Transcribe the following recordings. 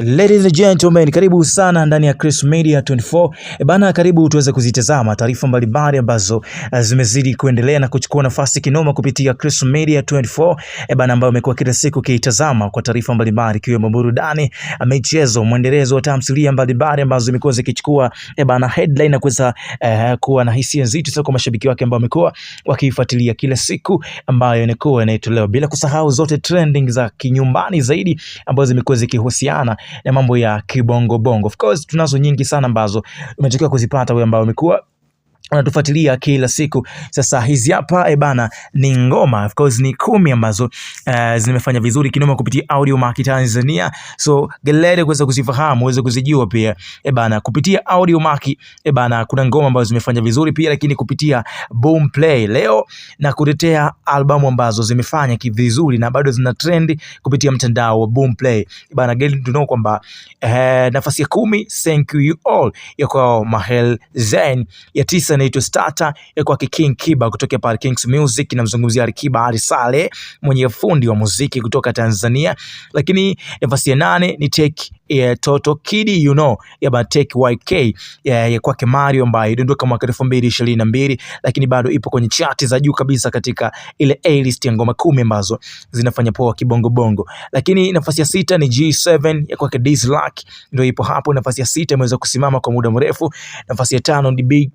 Ladies and gentlemen, karibu sana ndani ya Chris Media 24. E bana, karibu tuweze kuzitazama taarifa mbalimbali ambazo e, zimezidi kuendelea na kuchukua nafasi kinoma kupitia Chris Media 24. E bana, ambayo umekuwa kila siku ukiitazama kwa taarifa mbalimbali ikiwemo burudani, michezo, mwendelezo wa tamthilia mbalimbali ambazo zimekuwa zikichukua e bana headline na kuweza eh, kuwa na hisia nzito sana kwa mashabiki wake ambao wamekuwa wakiifuatilia kila siku ambayo inakuwa inaitolewa, bila kusahau zote trending za kinyumbani zaidi ambazo zimekuwa zikihusiana na mambo ya kibongo bongo. Of course tunazo nyingi sana ambazo umetokea kuzipata wewe ambao umekuwa unatufuatilia kila siku. Sasa hizi hapa eh, bana, ni ngoma of course, ni kumi ambazo uh, zimefanya vizuri kinoma kupitia Audio Mark Tanzania, so gelede kuweza kuzifahamu uweze kuzijua pia eh, bana, kupitia Audio Mark bana, kuna ngoma ambazo zimefanya vizuri pia, lakini kupitia Boom Play leo na kutetea albamu ambazo zimefanya kivizuri na bado zina trend kupitia mtandao wa Boom Play ebana, gelede tunao kwamba eh, nafasi ya kumi, thank you all ya kwa Mahel Zain ya tisa anaitwa Starter ya kwa King Kiba kutoka Par Kings Music. Namzungumzia Alikiba Ali Sale mwenye fundi wa muziki kutoka Tanzania. Lakini nafasi ya nane ni Take ya Toto Kid, you know ya Batek YK ya, ya kwake Mario ambaye idondoka mwaka 2022 lakini bado ipo kwenye chati za juu kabisa katika ile A list ya ngoma kumi ambazo zinafanya poa kibongo bongo. Lakini nafasi ya sita ni G7 ya kwake Dizlack ndio ipo hapo. Nafasi ya sita imeweza kusimama kwa muda mrefu. Nafasi ya tano ni Big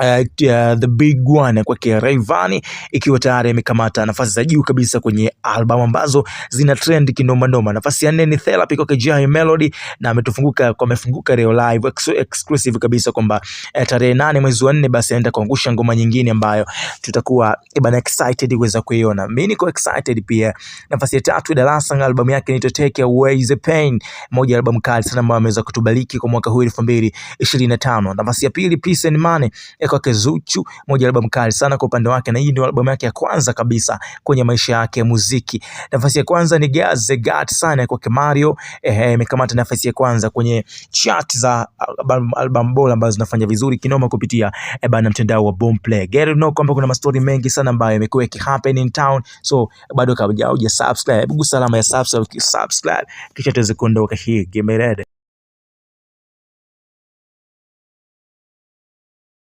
Uh, uh, the big one kwake Rayvanny ikiwa tayari amekamata nafasi za juu kabisa kwenye albamu ambazo zina trend kinoma noma. Nafasi ya nne ni Therapy kwake Jay Melody na ametufunguka kwa amefunguka leo live ex exclusive kabisa kwamba eh, tarehe nane mwezi wa nne basi aenda kuangusha ngoma nyingine ambayo tutakuwa ibana eh, excited kuweza kuiona. Mimi niko excited pia. Nafasi ya tatu Darasa albamu yake ni Take Away the Pain, moja albamu kali sana ambayo ameweza kutubariki kwa mwaka huu 2025. Nafasi ya pili Peace and Money eh, kwake Zuchu, moja albamu kali sana kwa upande wake, na hii ndio albamu yake ya kwanza kabisa kwenye maisha yake ya muziki. Nafasi ya kwanza ni Gaze Gat sana kwake Mario, ehe, imekamata nafasi ya kwanza kwenye chart za albamu album bora ambazo zinafanya vizuri kinoma kupitia e bana mtandao wa Boomplay. Gary no kwamba kuna mastori mengi sana ambayo yamekuwa yakihappen in town, so bado kabla hujasubscribe, gusa alama ya subscribe, subscribe kisha tuweze kuondoka hii gemerede.